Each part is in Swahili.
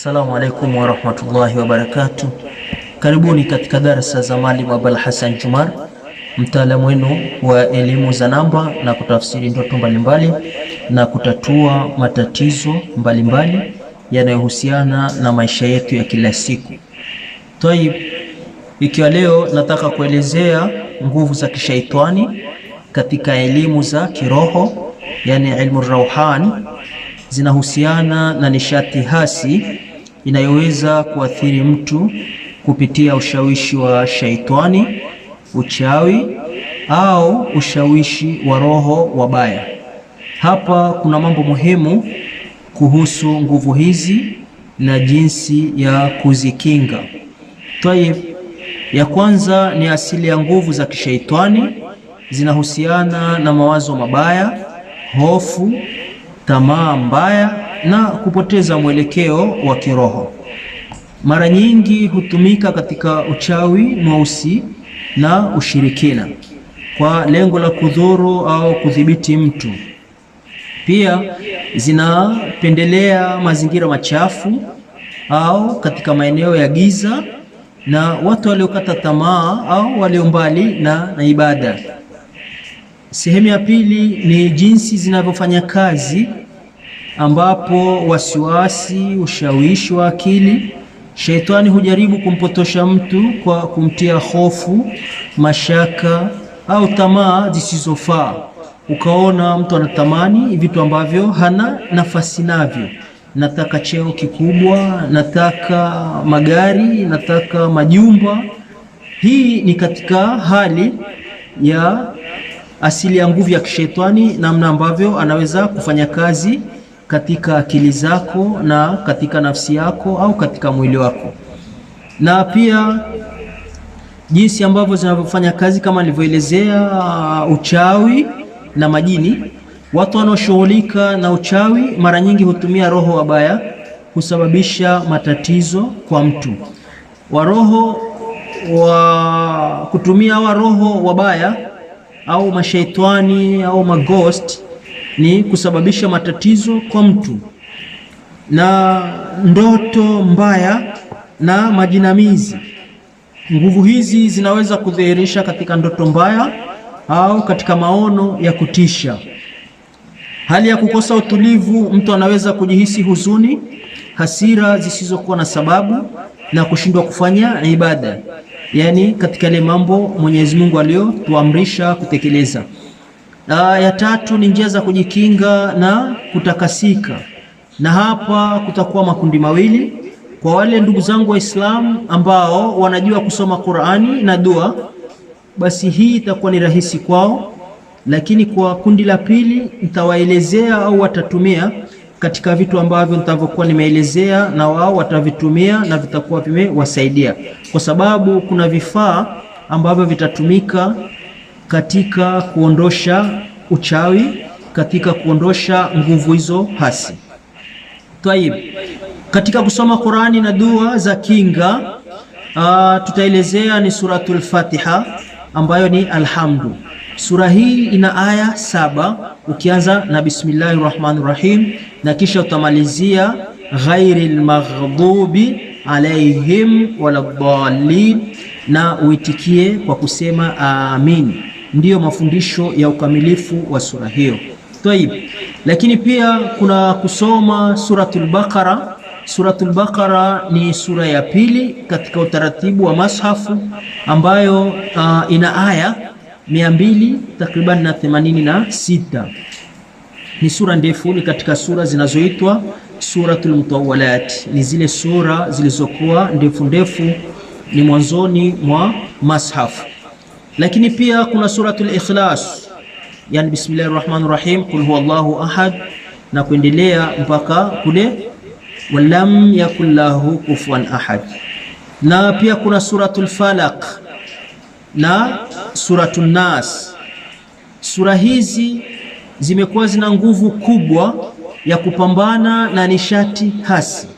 Assalamu alaikum warahmatullahi wabarakatu Karibuni katika darasa za Maalim Abul Hassan Jumar, mtaalamu wenu wa elimu za namba na kutafsiri ndoto mbalimbali na kutatua matatizo mbalimbali yanayohusiana na maisha yetu ya kila siku. Tayib, ikiwa leo nataka kuelezea nguvu za kishaitani katika elimu za kiroho, yani ilmu rauhani, zinahusiana na nishati hasi inayoweza kuathiri mtu kupitia ushawishi wa shaitani, uchawi au ushawishi wa roho wabaya. Hapa kuna mambo muhimu kuhusu nguvu hizi na jinsi ya kuzikinga. Tayeb, ya kwanza ni asili ya nguvu za kishaitani. Zinahusiana na mawazo mabaya, hofu, tamaa mbaya na kupoteza mwelekeo wa kiroho. Mara nyingi hutumika katika uchawi mweusi na ushirikina kwa lengo la kudhuru au kudhibiti mtu. Pia zinapendelea mazingira machafu au katika maeneo ya giza na watu waliokata tamaa au walio mbali na, na ibada. Sehemu ya pili ni jinsi zinavyofanya kazi ambapo wasiwasi, ushawishi wa akili, sheitani hujaribu kumpotosha mtu kwa kumtia hofu, mashaka au tamaa zisizofaa. Ukaona mtu anatamani vitu ambavyo hana nafasi navyo nataka cheo kikubwa, nataka magari, nataka majumba. Hii ni katika hali ya asili ya nguvu ya kishetani, namna ambavyo anaweza kufanya kazi katika akili zako na katika nafsi yako au katika mwili wako, na pia jinsi ambavyo zinavyofanya kazi kama nilivyoelezea uh, uchawi na majini. Watu wanaoshughulika na uchawi mara nyingi hutumia roho wabaya husababisha matatizo kwa mtu waroho wa kutumia wa roho wabaya au mashaitani au maghost ni kusababisha matatizo kwa mtu na ndoto mbaya na majinamizi. Nguvu hizi zinaweza kudhihirisha katika ndoto mbaya au katika maono ya kutisha. Hali ya kukosa utulivu, mtu anaweza kujihisi huzuni, hasira zisizokuwa na sababu na kushindwa kufanya ibada, yaani katika yale mambo Mwenyezi Mungu aliyotuamrisha kutekeleza. Uh, ya tatu ni njia za kujikinga na kutakasika, na hapa kutakuwa makundi mawili. Kwa wale ndugu zangu Waislamu ambao wanajua kusoma Qur'ani na dua, basi hii itakuwa ni rahisi kwao, lakini kwa kundi la pili nitawaelezea au watatumia katika vitu ambavyo nitavyokuwa nimeelezea, na wao watavitumia na vitakuwa vimewasaidia, kwa sababu kuna vifaa ambavyo vitatumika katika kuondosha uchawi, katika kuondosha nguvu hizo hasi. Tayib, katika kusoma Qurani na dua za kinga uh, tutaelezea ni suratul Fatiha ambayo ni alhamdu. Sura hii ina aya saba ukianza na bismillahi rahmani rahim na kisha utamalizia ghairil maghdubi alaihim waladdallin, na uitikie kwa kusema amin ndiyo mafundisho ya ukamilifu wa sura hiyo. Tayib, lakini pia kuna kusoma suratul Baqara. Suratul Baqara ni sura ya pili katika utaratibu wa mashafu ambayo uh, ina aya 200 takriban na 86 sita. Ni sura ndefu, ni katika sura zinazoitwa suratul Mutawwalat, ni zile sura zilizokuwa ndefu ndefu, ni mwanzoni mwa mashafu. Lakini pia kuna suratul Ikhlas, yani bismillahir rahmanir rahim, qul huwallahu ahad na kuendelea mpaka kule walam yakun lahu kufuwan ahad. Na pia kuna suratul Falaq na suratul Nas. Sura hizi zimekuwa zina nguvu kubwa ya kupambana na nishati hasi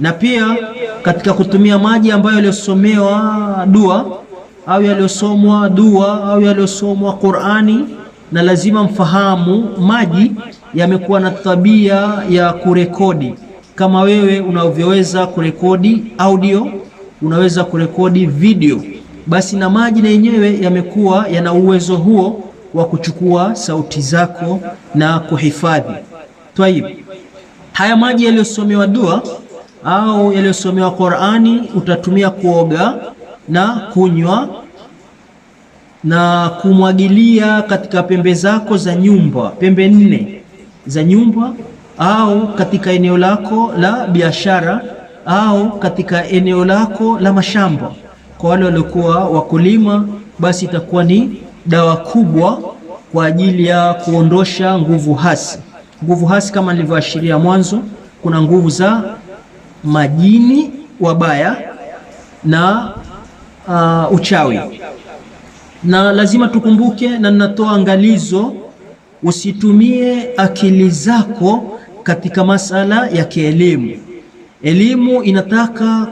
na pia katika kutumia maji ambayo yaliyosomewa dua au yaliyosomwa dua au yaliyosomwa Qur'ani, na lazima mfahamu maji yamekuwa na tabia ya kurekodi kama wewe unavyoweza kurekodi audio, unaweza kurekodi video, basi na maji na yenyewe yamekuwa yana uwezo huo wa kuchukua sauti zako na kuhifadhi. Tayib, haya maji yaliyosomewa dua au yaliyosomewa Qur'ani utatumia kuoga na kunywa na kumwagilia katika pembe zako za nyumba, pembe nne za nyumba, au katika eneo lako la biashara, au katika eneo lako la mashamba. Kwa wale waliokuwa wakulima, basi itakuwa ni dawa kubwa kwa ajili ya kuondosha nguvu hasi. Nguvu hasi kama nilivyoashiria mwanzo, kuna nguvu za majini wabaya na uh, uchawi na lazima tukumbuke, na ninatoa angalizo, usitumie akili zako katika masala ya kielimu. Elimu inataka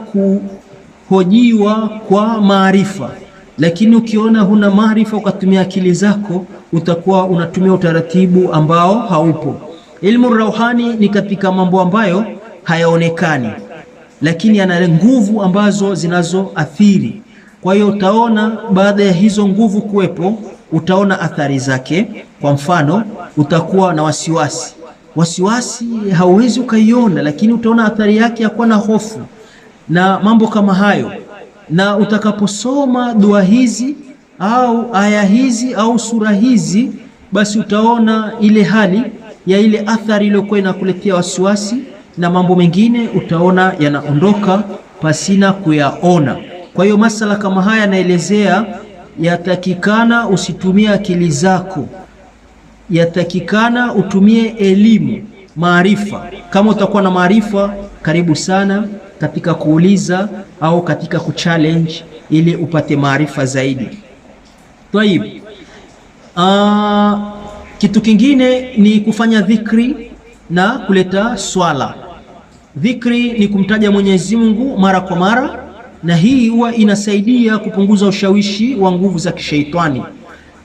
kuhojiwa kwa maarifa, lakini ukiona huna maarifa ukatumia akili zako, utakuwa unatumia utaratibu ambao haupo. Ilmu rauhani ni katika mambo ambayo hayaonekani, lakini yana nguvu ambazo zinazoathiri kwa hiyo utaona baada ya hizo nguvu kuwepo, utaona athari zake. Kwa mfano, utakuwa na wasiwasi. Wasiwasi hauwezi ukaiona, lakini utaona athari yake ya kuwa na hofu na mambo kama hayo. Na utakaposoma dua hizi au aya hizi au sura hizi, basi utaona ile hali ya ile athari iliyokuwa inakuletea wasiwasi na mambo mengine, utaona yanaondoka pasina kuyaona. Kwa hiyo masala kama haya yanaelezea, yatakikana usitumie akili zako, yatakikana utumie elimu, maarifa. Kama utakuwa na maarifa, karibu sana katika kuuliza au katika kuchallenge ili upate maarifa zaidi. Tayib. Ah, kitu kingine ni kufanya dhikri na kuleta swala. Dhikri ni kumtaja Mwenyezi Mungu mara kwa mara na hii huwa inasaidia kupunguza ushawishi wa nguvu za kisheitani.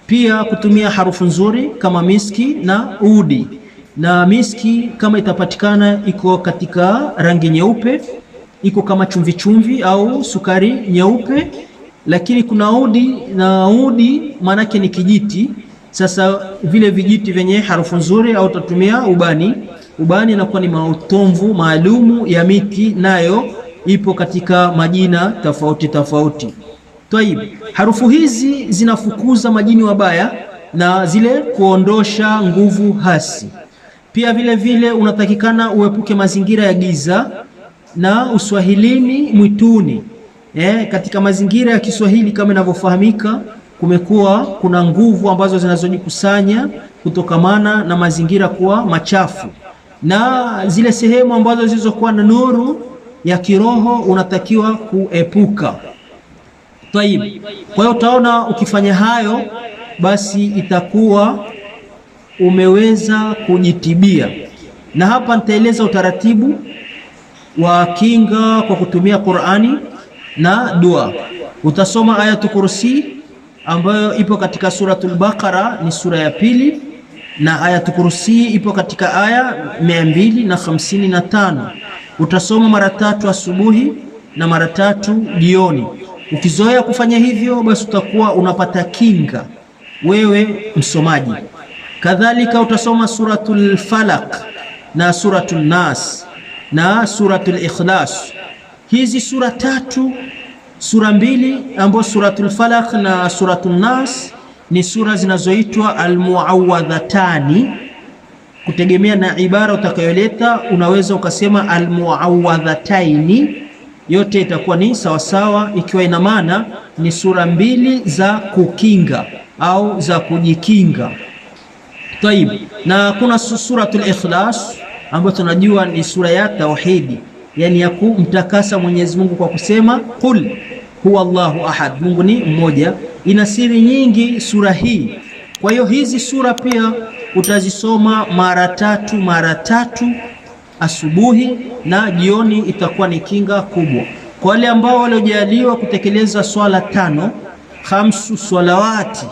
Pia kutumia harufu nzuri kama miski na udi, na miski kama itapatikana iko katika rangi nyeupe, iko kama chumvi chumvi au sukari nyeupe, lakini kuna udi na udi maanake ni kijiti. Sasa vile vijiti vyenye harufu nzuri, au utatumia ubani. Ubani inakuwa ni mautomvu maalumu ya miti nayo ipo katika majina tofauti tofauti. Taib, harufu hizi zinafukuza majini wabaya na zile kuondosha nguvu hasi. Pia vile vile unatakikana uepuke mazingira ya giza na uswahilini, mwituni. Eh, katika mazingira ya Kiswahili kama inavyofahamika kumekuwa kuna nguvu ambazo zinazojikusanya kutokamana na mazingira kuwa machafu na zile sehemu ambazo zilizokuwa na nuru ya kiroho unatakiwa kuepuka. Taib. Kwa hiyo utaona ukifanya hayo, basi itakuwa umeweza kujitibia, na hapa nitaeleza utaratibu wa kinga kwa kutumia Qur'ani na dua. Utasoma Ayatul Kursi ambayo ipo katika Suratul Baqara, ni sura ya pili, na Ayatul Kursi ipo katika aya mia na hamsini na tano utasoma mara tatu asubuhi na mara tatu jioni. Ukizoea kufanya hivyo, basi utakuwa unapata kinga wewe msomaji. Kadhalika utasoma suratul Falaq na suratul Nas na suratul Ikhlas. Hizi sura tatu, sura mbili ambazo suratul Falaq na suratul Nas ni sura zinazoitwa almuawadhatani kutegemea na ibara utakayoleta, unaweza ukasema almuawadhataini, yote itakuwa ni sawasawa, ikiwa ina maana ni sura mbili za kukinga au za kujikinga. Taib, na kuna suratul Ikhlas ambayo tunajua ni sura ya tauhidi, yani ya kumtakasa Mwenyezi Mungu kwa kusema qul huwa Allahu ahad, Mungu ni mmoja. Ina siri nyingi sura hii, kwa hiyo hizi sura pia utazisoma mara tatu mara tatu asubuhi na jioni, itakuwa ni kinga kubwa kwa wale ambao waliojaliwa kutekeleza swala tano khamsu swalawati,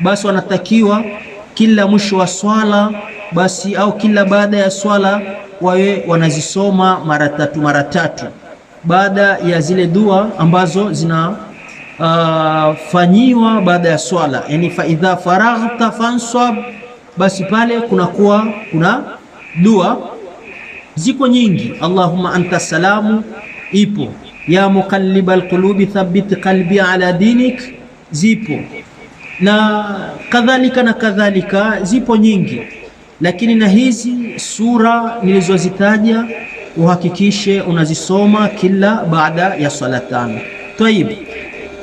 basi wanatakiwa kila mwisho wa swala basi au kila baada ya swala wawe wanazisoma mara tatu mara tatu, baada ya zile dua ambazo zina uh, fanyiwa baada ya swala, yani idha faraghta fansab basi pale kunakuwa kuna dua ziko nyingi. Allahumma anta salamu ipo, ya muqallibal qulubi thabbit qalbi ala dinik zipo, na kadhalika na kadhalika, zipo nyingi, lakini na hizi sura nilizozitaja uhakikishe unazisoma kila baada ya swala tano. Tayib,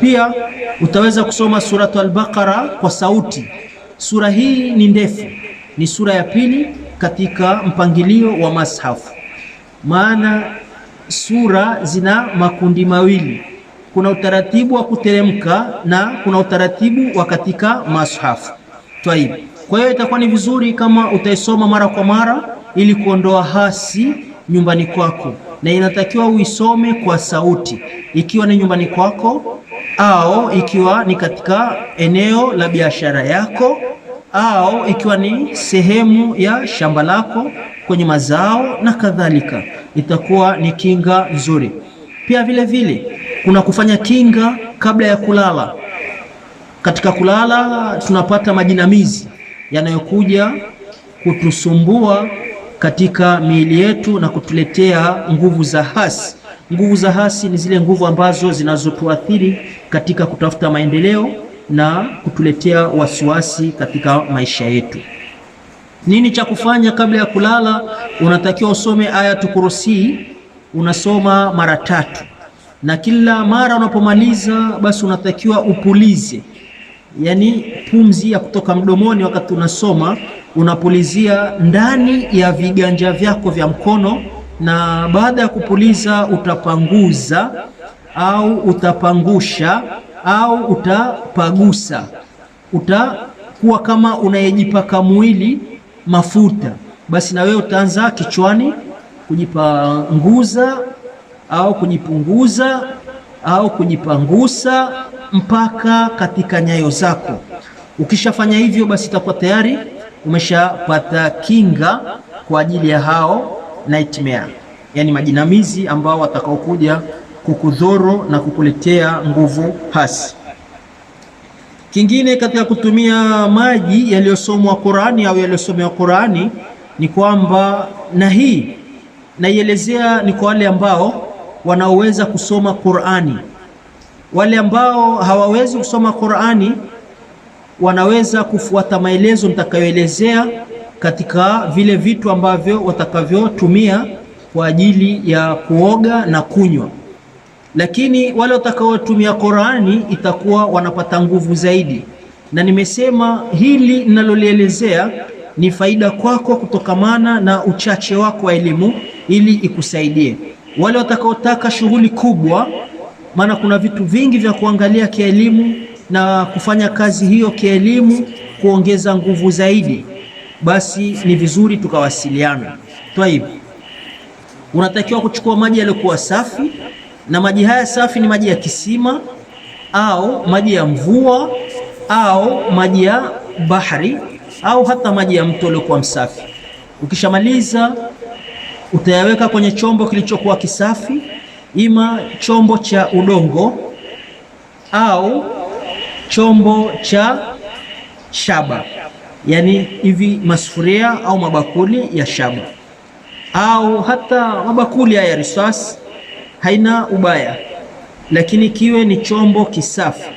pia utaweza kusoma suratu al-Baqara kwa sauti. Sura hii ni ndefu, ni sura ya pili katika mpangilio wa mashafu, maana sura zina makundi mawili, kuna utaratibu wa kuteremka na kuna utaratibu wa katika mashafu Twaib. Kwa hiyo itakuwa ni vizuri kama utaisoma mara kwa mara ili kuondoa hasi nyumbani kwako, na inatakiwa uisome kwa sauti, ikiwa ni nyumbani kwako au ikiwa ni katika eneo la biashara yako au ikiwa ni sehemu ya shamba lako kwenye mazao na kadhalika, itakuwa ni kinga nzuri. Pia vile vile kuna kufanya kinga kabla ya kulala. Katika kulala tunapata majinamizi yanayokuja kutusumbua katika miili yetu na kutuletea nguvu za hasi. Nguvu za hasi ni zile nguvu ambazo zinazotuathiri katika kutafuta maendeleo na kutuletea wasiwasi katika maisha yetu. Nini cha kufanya kabla ya kulala? Unatakiwa usome aya Kursi, unasoma mara tatu, na kila mara unapomaliza basi unatakiwa upulize, yaani pumzi ya kutoka mdomoni wakati unasoma unapulizia ndani ya viganja vyako vya mkono, na baada ya kupuliza utapanguza au utapangusha au utapagusa, utakuwa kama unayejipaka mwili mafuta, basi na wewe utaanza kichwani kujipanguza au kujipunguza au kujipangusa mpaka katika nyayo zako. Ukishafanya hivyo, basi itakuwa tayari umeshapata kinga kwa ajili ya hao nightmare, yani majinamizi ambao watakaokuja kukudhuru na kukuletea nguvu hasi. Kingine katika kutumia maji yaliyosomwa Qur'ani au yaliyosomewa Qur'ani ni kwamba, na hii naielezea ni kwa wale ambao wanaoweza kusoma Qur'ani. Wale ambao hawawezi kusoma Qur'ani wanaweza kufuata maelezo nitakayoelezea katika vile vitu ambavyo watakavyotumia kwa ajili ya kuoga na kunywa lakini wale watakaotumia Qurani itakuwa wanapata nguvu zaidi. Na nimesema hili ninalolielezea ni faida kwako kutokamana na uchache wako wa elimu, ili ikusaidie. Wale watakaotaka shughuli kubwa, maana kuna vitu vingi vya kuangalia kielimu na kufanya kazi hiyo kielimu, kuongeza nguvu zaidi, basi ni vizuri tukawasiliana. Twaib, unatakiwa kuchukua maji yaliyokuwa safi na maji haya safi ni maji ya kisima au maji ya mvua au maji ya bahari au hata maji ya mto uliokuwa msafi. Ukishamaliza utayaweka kwenye chombo kilichokuwa kisafi, ima chombo cha udongo au chombo cha shaba, yani hivi masufuria au mabakuli ya shaba au hata mabakuli haya ya risasi haina ubaya, lakini kiwe ni chombo kisafi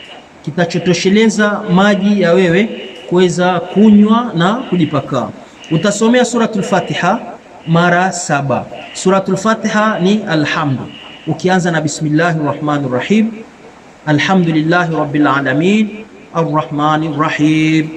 kitachotosheleza maji ya wewe kuweza kunywa na kujipakaa. Utasomea suratul Fatiha mara saba. Suratul Fatiha ni alhamdu, ukianza na bismillahi rahmani rahim, alhamdulillahi rabbil alamin arrahmani rahim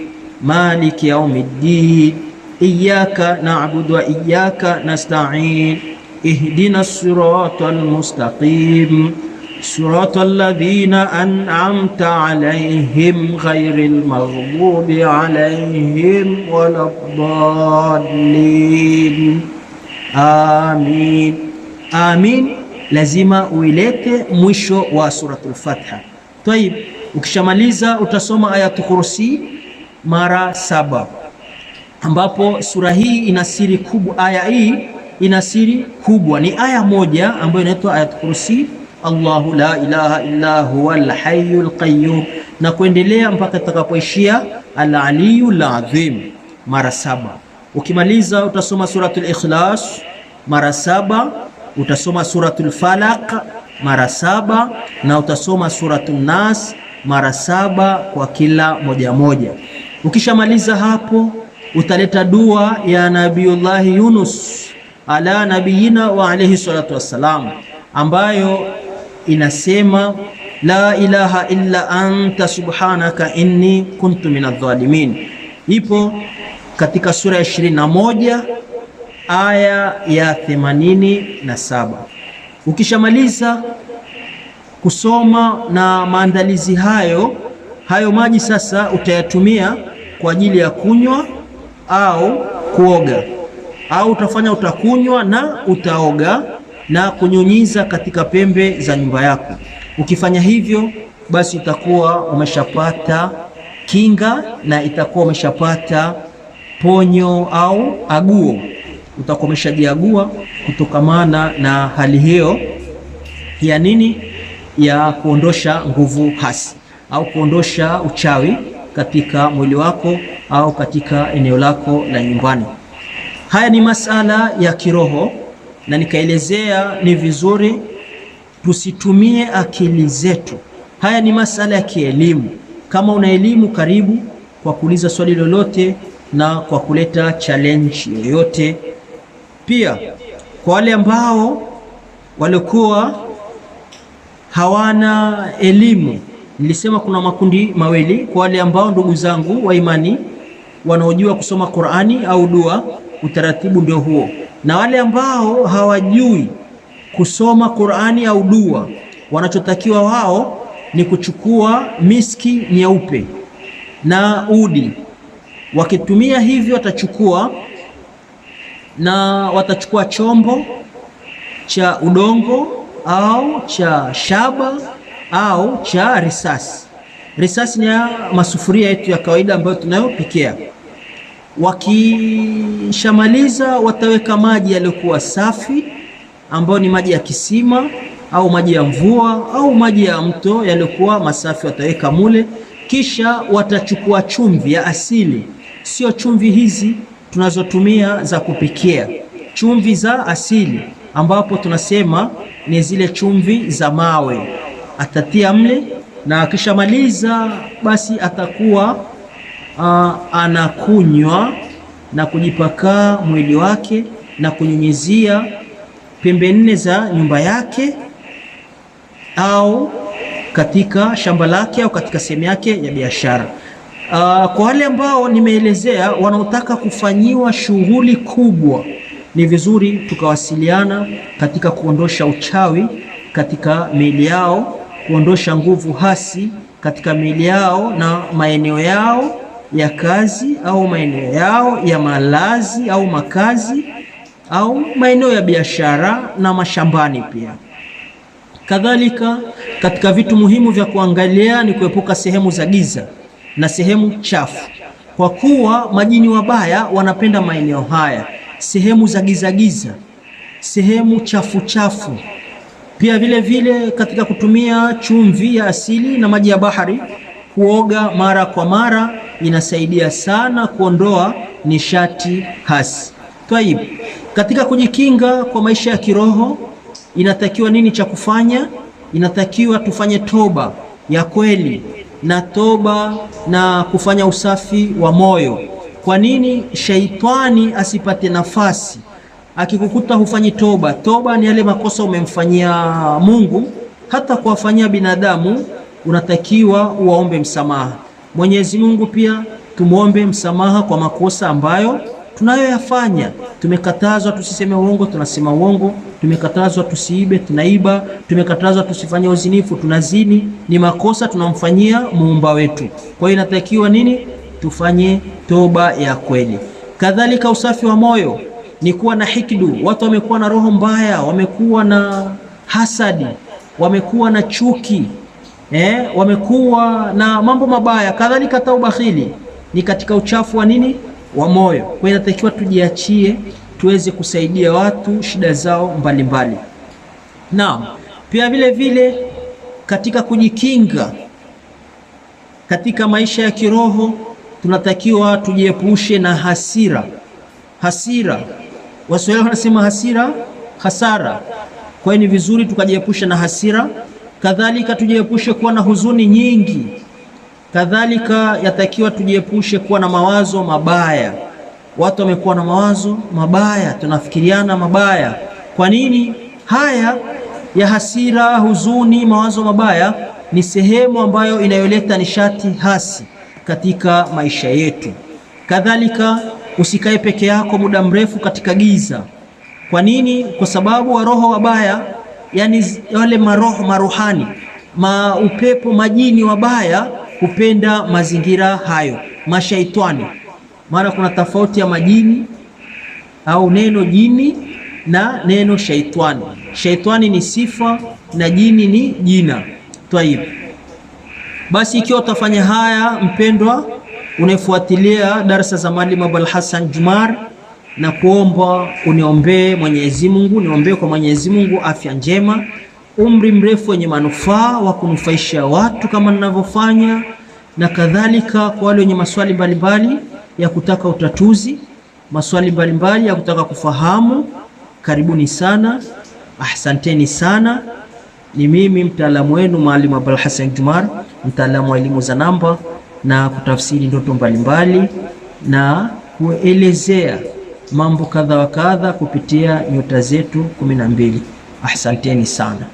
maliki yaumiddin iyyaka na'budu wa iyyaka nasta'in ihdina sirata almustaqim sirata alladhina an'amta alayhim ghayril maghdubi alayhim waladdallin. Amin, amin. Lazima uilete mwisho wa suratul Fatiha. Tayib, ukishamaliza utasoma ayatul kursi mara saba, ambapo sura hii ina siri kubwa. Aya hii ina siri kubwa, ni aya moja ambayo inaitwa Ayat Kursi, Allahu la ilaha illa huwa al-hayyul qayyum, na kuendelea mpaka itakapoishia al-aliyul azim mara saba. Ukimaliza utasoma suratul Ikhlas mara saba, utasoma suratul Falaq mara saba, na utasoma suratul Nas mara saba kwa kila moja moja. Ukishamaliza hapo utaleta dua ya Nabiullahi Yunus ala nabiyina wa alayhi salatu wassalam, ambayo inasema la ilaha illa anta subhanaka inni kuntu minadh-dhalimin. Ipo katika sura ya 21 aya ya 87. Ukishamaliza kusoma na maandalizi hayo, hayo maji sasa utayatumia kwa ajili ya kunywa au kuoga au utafanya utakunywa na utaoga na kunyunyiza katika pembe za nyumba yako. Ukifanya hivyo, basi utakuwa umeshapata kinga na itakuwa umeshapata ponyo au aguo, utakuwa umeshajiagua kutokamana na hali hiyo ya nini, ya kuondosha nguvu hasi au kuondosha uchawi katika mwili wako au katika eneo lako la nyumbani. Haya ni masala ya kiroho, na nikaelezea ni vizuri tusitumie akili zetu. Haya ni masala ya kielimu. Kama una elimu, karibu kwa kuuliza swali lolote na kwa kuleta challenge yoyote. Pia kwa wale ambao walikuwa hawana elimu, nilisema kuna makundi mawili. Kwa wale ambao ndugu zangu wa imani wanaojua kusoma Qur'ani au dua utaratibu ndio huo. Na wale ambao hawajui kusoma Qur'ani au dua, wanachotakiwa wao ni kuchukua miski nyeupe na udi. Wakitumia hivyo watachukua na watachukua chombo cha udongo au cha shaba au cha risasi. Risasi ni ya masufuria yetu ya kawaida ambayo tunayopikia. Wakishamaliza wataweka maji yaliyokuwa safi ambayo ni maji ya kisima au maji ya mvua au maji ya mto yaliyokuwa masafi wataweka mule, kisha watachukua chumvi ya asili, sio chumvi hizi tunazotumia za kupikia, chumvi za asili ambapo tunasema ni zile chumvi za mawe, atatia mle na akishamaliza basi atakuwa uh, anakunywa na kujipakaa mwili wake na kunyunyizia pembe nne za nyumba yake au katika shamba lake au katika sehemu yake ya biashara. Uh, kwa wale ambao nimeelezea wanaotaka kufanyiwa shughuli kubwa, ni vizuri tukawasiliana katika kuondosha uchawi katika miili yao, kuondosha nguvu hasi katika miili yao na maeneo yao ya kazi au maeneo yao ya malazi au makazi au maeneo ya biashara na mashambani pia. Kadhalika, katika vitu muhimu vya kuangalia ni kuepuka sehemu za giza na sehemu chafu, kwa kuwa majini wabaya wanapenda maeneo haya, sehemu za giza giza, sehemu chafu chafu. Pia vile vile katika kutumia chumvi ya asili na maji ya bahari, kuoga mara kwa mara inasaidia sana kuondoa nishati hasi. Taib, katika kujikinga kwa maisha ya kiroho inatakiwa nini cha kufanya? Inatakiwa tufanye toba ya kweli na toba na kufanya usafi wa moyo. Kwa nini shaitani asipate nafasi? Akikukuta hufanyi toba, toba ni yale makosa umemfanyia Mungu, hata kuwafanyia binadamu unatakiwa uwaombe msamaha. Mwenyezi Mungu pia tumwombe msamaha kwa makosa ambayo tunayoyafanya. Tumekatazwa tusiseme uongo, tunasema uongo. Tumekatazwa tusiibe, tunaiba. Tumekatazwa tusifanye uzinifu, tunazini. Ni makosa tunamfanyia muumba wetu. Kwa hiyo inatakiwa nini? Tufanye toba ya kweli. Kadhalika usafi wa moyo ni kuwa na hikidu. Watu wamekuwa na roho mbaya, wamekuwa na hasadi, wamekuwa na chuki eh, wamekuwa na mambo mabaya, kadhalika hata ubakhili ni katika uchafu wa nini, wa moyo. Kwa hiyo inatakiwa tujiachie, tuweze kusaidia watu shida zao mbalimbali. Naam, pia vile vile katika kujikinga katika maisha ya kiroho tunatakiwa tujiepushe na hasira. Hasira, Waswahili wanasema hasira hasara. Kwa hiyo ni vizuri tukajiepusha na hasira. Kadhalika tujiepushe kuwa na huzuni nyingi. Kadhalika yatakiwa tujiepushe kuwa na mawazo mabaya. Watu wamekuwa na mawazo mabaya, tunafikiriana mabaya. Kwa nini? Haya ya hasira, huzuni, mawazo mabaya ni sehemu ambayo inayoleta nishati hasi katika maisha yetu. Kadhalika usikae peke yako muda mrefu katika giza. Kwa nini? Kwa sababu wa roho wabaya yani wale maroho maruhani maupepo majini wabaya hupenda mazingira hayo, mashaitani. Maana kuna tofauti ya majini au neno jini na neno shaitani. Shaitani ni sifa na jini ni jina. Tayib, basi ikiwa utafanya haya mpendwa, unaefuatilia darsa za Mwalimu Abul Hassan Jumar na kuomba uniombee Mwenyezi Mungu, niombee kwa Mwenyezi Mungu afya njema, umri mrefu wenye manufaa wa kunufaisha watu kama ninavyofanya, na kadhalika kwa wale wenye maswali mbalimbali ya kutaka utatuzi, maswali mbalimbali ya kutaka kufahamu. Karibuni sana, ahsanteni sana. Ni mimi mtaalamu wenu Mwalimu Abul Hassan Jumar, mtaalamu wa elimu za namba na kutafsiri ndoto mbalimbali na kuelezea mambo kadha wa kadha kupitia nyota zetu kumi na mbili. Asanteni sana.